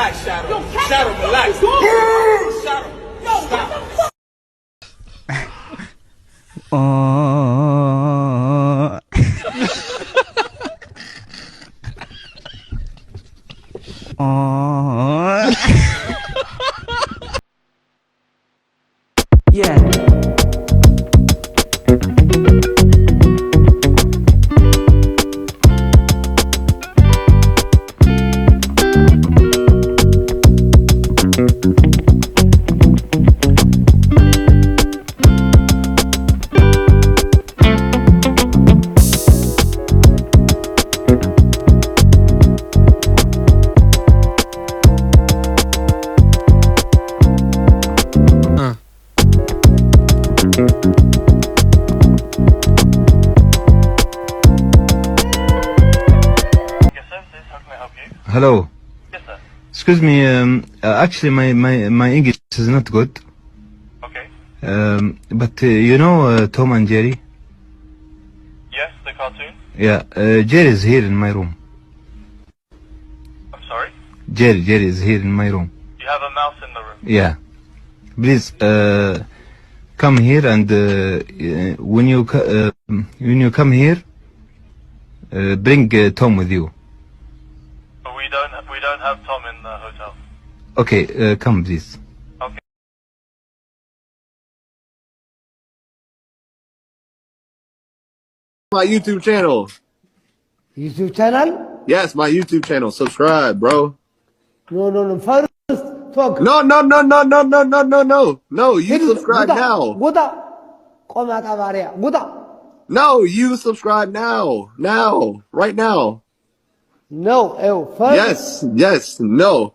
Relax, Shadow. Yo, Shadow, relax. Shadow. Yo, Uh... uh... Hello. Yes, sir. Excuse me. Um, uh, actually, my, my, my English is not good. Okay. Um, but uh, you know uh, Tom and Jerry? Yes, the cartoon? Yeah. Uh, Jerry is here in my room. I'm sorry? Jerry, Jerry is here in my room. You have a mouse in the room? Yeah. Please, uh, come here and uh, uh when you uh, when you come here, uh, bring uh, Tom with you. Okay, uh, come please. Okay. My YouTube channel. YouTube channel? Yes, my YouTube channel. Subscribe, bro. No, no, no. First, talk. No, no, no, no, no, no, no, no, no. No, you hey, subscribe Guda, now. Guda. 꼬마가 말이야. Guda. No, you subscribe now. Now. Right now. No, ew. Eh, first. Yes, yes, no.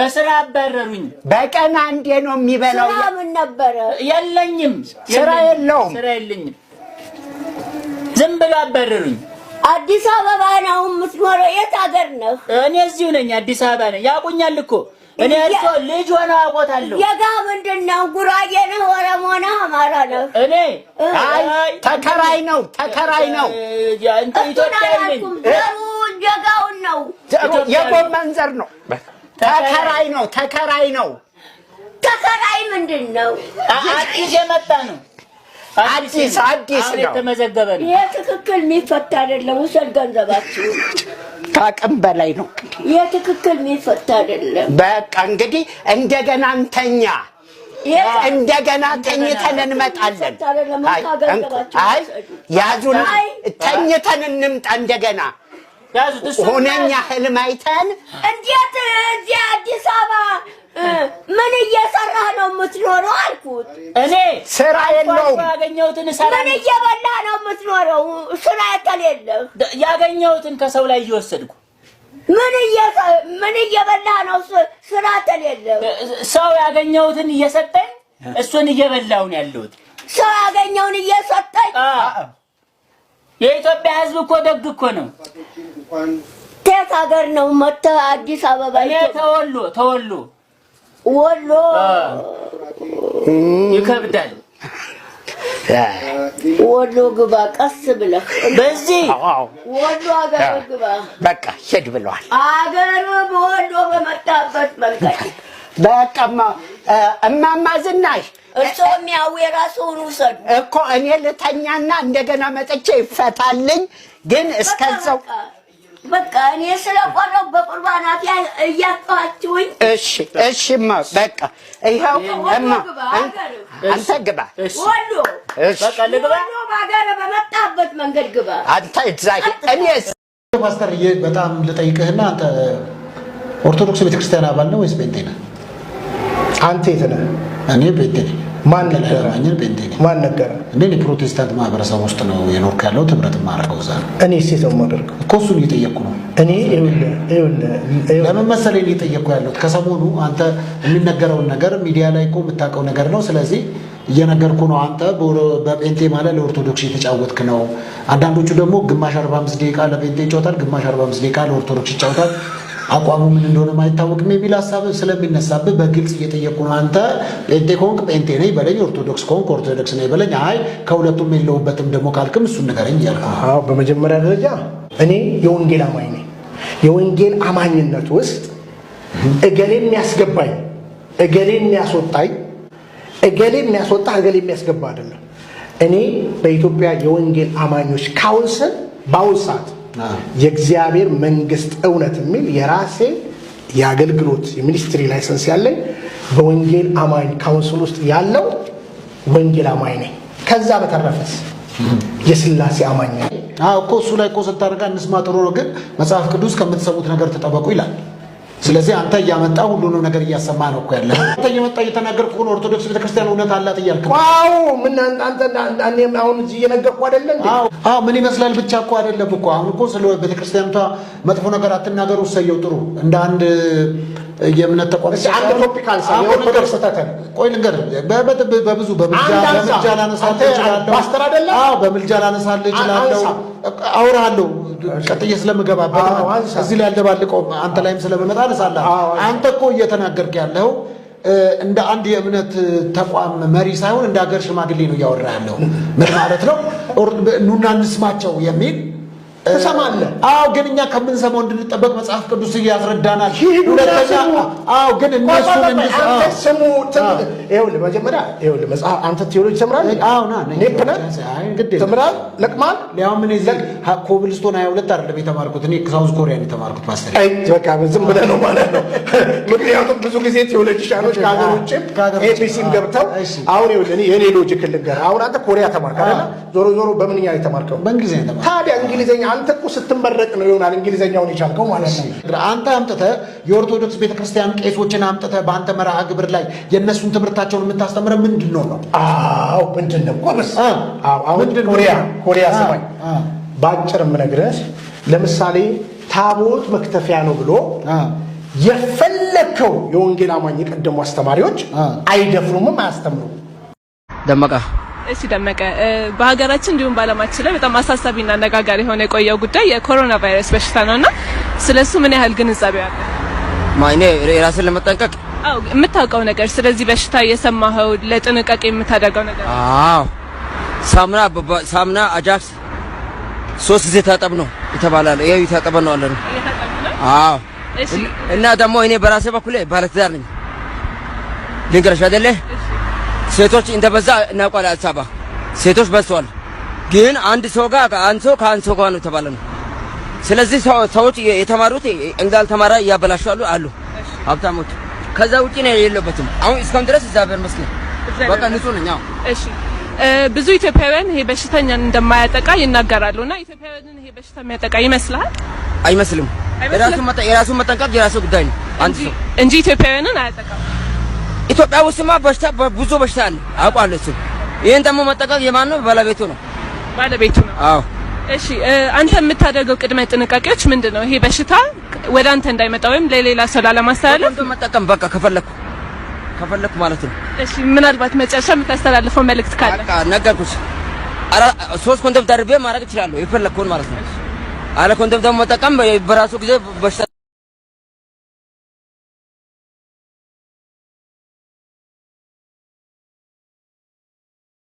ከስራ አባረሩኝ። በቀን አንዴ ነው የሚበላው። ስራ ምን ነበረ? የለኝም፣ ስራ የለውም፣ ስራ የለኝም። ዝም ብሎ አባረሩኝ። አዲስ አበባ ነው የምትኖረው? የት ሀገር ነህ? እኔ እዚሁ ነኝ፣ አዲስ አበባ ነኝ። ያውቁኛል እኮ እኔ እኮ ልጅ ሆነ አውቆታለሁ። የጋ ምንድን ነው? ጉራጌ ነህ? ኦሮሞ ነህ? አማራ ነህ? እኔ አይ ተከራይ ነው፣ ተከራይ ነው። እንትን ኢትዮጵያ ነኝ። የጋውን ነው፣ የጎመን ዘር ነው ተከራይ ነው። ተከራይ ነው። ተከራይ ምንድን ነው? አዲስ የመጣ ነው። አዲስ አዲስ ነው የተመዘገበ ነው። የትክክል የሚፈታ አይደለም። ውሰድ ገንዘባችሁ። ከአቅም በላይ ነው። የትክክል የሚፈታ አይደለም። በቃ እንግዲህ እንደገና እንተኛ እንደገና ተኝተን እንመጣለን። አይ ያዙን፣ ተኝተን እንምጣ እንደገና ሁነኛ ህልም አይተን እንዴት እዚህ አዲስ አበባ ምን እየሰራ ነው የምትኖረው? አልኩት። እኔ ስራ የለውም ያገኘሁትን ሰራ። ምን እየበላ ነው የምትኖረው? ስራ ከሌለ ያገኘሁትን ከሰው ላይ እየወሰድኩ ምን ምን እየበላ ነው? ስራ ከሌለ ሰው ያገኘሁትን እየሰጠኝ እሱን እየበላሁ ነው ያለሁት። ሰው ያገኘውን እየሰጠኝ የኢትዮጵያ ህዝብ እኮ ደግ እኮ ነው። ቴት ሀገር ነው መጥተህ አዲስ አበባ ተወሎ ተወሎ ወሎ ይከብዳል። ወሎ ግባ ቀስ ብለህ በዚህ ወሎ ሀገር ግባ። በቃ ሂድ ብለዋል። አገር ወሎ በመጣበት መንገድ በቀማ እማማ ዝናሽ እርሶ የሚያው የራሱን ውሰዱ እኮ እኔ ልተኛና እንደገና መጥቼ ይፈታልኝ። ግን እስከዛው በቃ እኔ ስለቆረው በቁርባናት እያጣኋችሁኝ። እሺ እሺ፣ እማ በቃ ይኸው እማ አንተ ግባ። ወሎ በመጣበት መንገድ ግባ። አንተ ይዛይ እኔ ፓስተር በጣም ልጠይቅህና አንተ ኦርቶዶክስ ቤተክርስቲያን አባል ነው ወይስ ጴንጤ ነህ? አንተ የት ነህ? እኔ ቤቴ ማን ነገረ? እኔ የፕሮቴስታንት ማህበረሰብ ውስጥ ነው የኖርኩ ያለው ትምህርት ማድረገው እዛ ነው። እኔ ሴት ነው የማደርገው እኮ እሱን እየጠየቅኩ ነው። እኔ ለምን መሰለኝ እየጠየቅኩ ያለሁት ከሰሞኑ አንተ የሚነገረውን ነገር ሚዲያ ላይ እኮ የምታውቀው ነገር ነው። ስለዚህ እየነገርኩ ነው። አንተ በጴንጤ ማለት ለኦርቶዶክስ የተጫወትክ ነው። አንዳንዶቹ ደግሞ ግማሽ 45 ደቂቃ ለጴንጤ ይጫወታል፣ ግማሽ 45 ደቂቃ ለኦርቶዶክስ ይጫወታል። አቋሙ ምን እንደሆነ ማይታወቅ የሚል ሀሳብ ስለሚነሳብህ በግልጽ እየጠየቁ ነው። አንተ ጴንቴ ከሆንክ ጴንቴ ነኝ በለኝ፣ ኦርቶዶክስ ከሆንክ ኦርቶዶክስ ነኝ በለኝ። አይ ከሁለቱም የለውበትም ደግሞ ካልክም እሱን ንገረኝ እያልኩ ነው። በመጀመሪያ ደረጃ እኔ የወንጌል አማኝ ነኝ። የወንጌል አማኝነት ውስጥ እገሌ የሚያስገባኝ እገሌ የሚያስወጣኝ እገሌ የሚያስወጣ እገሌ የሚያስገባ አይደለም። እኔ በኢትዮጵያ የወንጌል አማኞች ካውንስል በአሁን ሰዓት የእግዚአብሔር መንግስት እውነት የሚል የራሴ የአገልግሎት የሚኒስትሪ ላይሰንስ ያለኝ በወንጌል አማኝ ካውንስል ውስጥ ያለው ወንጌል አማኝ ነኝ። ከዛ በተረፈስ የስላሴ አማኝ ነኝ እኮ እሱ ላይ እኮ ስታደርጋ እንስማ ጥሩ ነው፣ ግን መጽሐፍ ቅዱስ ከምትሰሙት ነገር ተጠበቁ ይላል። ስለዚህ አንተ እያመጣ ሁሉንም ነገር እያሰማ ነው እኮ ያለ። አንተ እየመጣ እየተናገርኩ ነው። ኦርቶዶክስ ቤተክርስቲያን እውነት አላት እያልክ ዋው፣ ምን አንተ እኔም አሁን እዚህ እየነገርኩ አይደለ? አዎ፣ ምን ይመስላል ብቻ እኮ አይደለም እኮ አሁን እኮ ስለ ቤተክርስቲያኒቷ መጥፎ ነገር አትናገሩ። እሰየው ጥሩ እንደ አንድ የእምነት ተቋም አንድ ቶፒክ አንሳ። የሆነ ነገር ስህተት ነው። ቆይ ልንገርህ፣ በብዙ በምልጃ ላነሳልህ እችላለሁ። ፓስተር አይደለም? አዎ፣ በምልጃ ላነሳልህ እችላለሁ። አውራለሁ ቀጥዬ ስለምገባበት እዚህ ላይ አልደባልቀውም። አንተ ላይም ስለምመጣ አነሳልሃለሁ። አንተ እኮ እየተናገርክ ያለው እንደ አንድ የእምነት ተቋም መሪ ሳይሆን እንደ ሀገር ሽማግሌ ነው እያወራ ያለው። ምን ማለት ነው? ኑና እንስማቸው የሚል ትሰማለህ? አዎ። ግን እኛ ከምንሰማው እንድንጠበቅ መጽሐፍ ቅዱስ እያስረዳናል። ሁለተኛ፣ ግን እነሱ ስሙ። ይኸውልህ መጀመሪያ ይኸውልህ መጽሐፍ አንተ ቴዎሎጂ ተምራለህ? አዎ። ና ተምራል ለቅማል። ሊያውም እኔ እዚህ ኮብልስቶን ሀያ ሁለት አይደለም የተማርኩት እኔ ሳውዝ ኮሪያ ነው የተማርኩት። ማስተር በቃ ዝም ብለህ ነው ማለት ነው። ምክንያቱም ብዙ ጊዜ ቴዎሎጂ ሻኖች ከሀገር ውጭም ኤቢሲም ገብተው አሁን ይኸውልህ እኔ የኔ ሎጂክ ልንገርህ። አሁን አንተ ኮሪያ ተማርክ አይደለ? ዞሮ ዞሮ በምንኛ የተማርከው? በእንግሊዝኛ ተማርክ። ታዲያ እንግሊዝኛ አንተ እኮ ስትመረቅ ነው ይሆናል እንግሊዝኛውን የቻልከው ማለት ነው። አንተ አምጥተ የኦርቶዶክስ ቤተክርስቲያን ቄሶችን አምጥተ በአንተ መርሃ ግብር ላይ የእነሱን ትምህርታቸውን የምታስተምረ ምንድን ነው ነው? አዎ ምንድን ነው ጎበስ? አሁን ኮሪያ ኮሪያ ሰማኝ። በአጭር የምነግርህ ለምሳሌ ታቦት መክተፊያ ነው ብሎ የፈለግከው የወንጌል አማኝ የቀደሙ አስተማሪዎች አይደፍሩምም፣ አያስተምሩም። ደመቃ እሺ ደመቀ፣ በሀገራችን እንዲሁም በዓለማችን ላይ በጣም አሳሳቢና አነጋጋሪ የሆነ የቆየው ጉዳይ የኮሮና ቫይረስ በሽታ ነው እና ስለሱ ምን ያህል ግንዛቤ አለ? ማኔ ራስን ለመጠንቀቅ አው የምታውቀው ነገር ስለዚህ በሽታ እየሰማኸው ለጥንቃቄ የምታደርገው ነገር? አዎ ሳምና ሳምና አጃክስ ሶስት ጊዜ ታጠብ ነው የተባላለ። ይሄ የታጠበ ነው አለ ነው። አዎ እና ደግሞ እኔ በራሴ በኩል ባለትዳር ነኝ ልንገርሽ አይደለ ሴቶች እንደበዛ እናውቃል። አዲስ አበባ ሴቶች በዝተዋል። ግን አንድ ሰው ጋር አንድ ሰው ከአንድ ሰው ጋር ነው የተባለ ነው። ስለዚህ ሰዎች የተማሩት እንዳልተማረ እያበላሹ አሉ አሉ ሀብታሞች። ከዛ ውጪ ነው የሌለበትም። አሁን እስካሁን ድረስ እግዚአብሔር ይመስገን በቃ ንጹህ ነኝ። እሺ ብዙ ኢትዮጵያውያን ይሄ በሽተኛ እንደማያጠቃ ይናገራሉና ኢትዮጵያውያን ይሄ በሽታ የሚያጠቃ ይመስላል? አይመስልም። የራሱን መጠንቀቅ የራሱ ጉዳይ ነው አንድ ሰው እንጂ ኢትዮጵያውያንን አያጠቃም። ኢትዮጵያ ውስጥማ በሽታ ብዙ በሽታ አለ አውቃለሁ። እሱ ይሄን ደግሞ መጠቀቅ የማን ነው? ባለቤቱ ነው። ባለቤቱ ነው። አዎ። እሺ፣ አንተ የምታደርገው ቅድመ ጥንቃቄዎች ምንድን ነው? ይሄ በሽታ ወደ አንተ እንዳይመጣ ወይም ለሌላ ሰው ላለማስተላለፍ መጠቀም፣ በቃ ከፈለኩ ከፈለኩ ማለት ነው። እሺ፣ ምናልባት መጨረሻ የምታስተላልፈው መልእክት ካለ? በቃ ነገርኩሽ። አራ ሶስት ኮንዶም ደርቤ ማድረግ እችላለሁ የፈለኩን ማለት ነው። አለ ኮንደም ደግሞ መጠቀም በራሱ ጊዜ በሽታ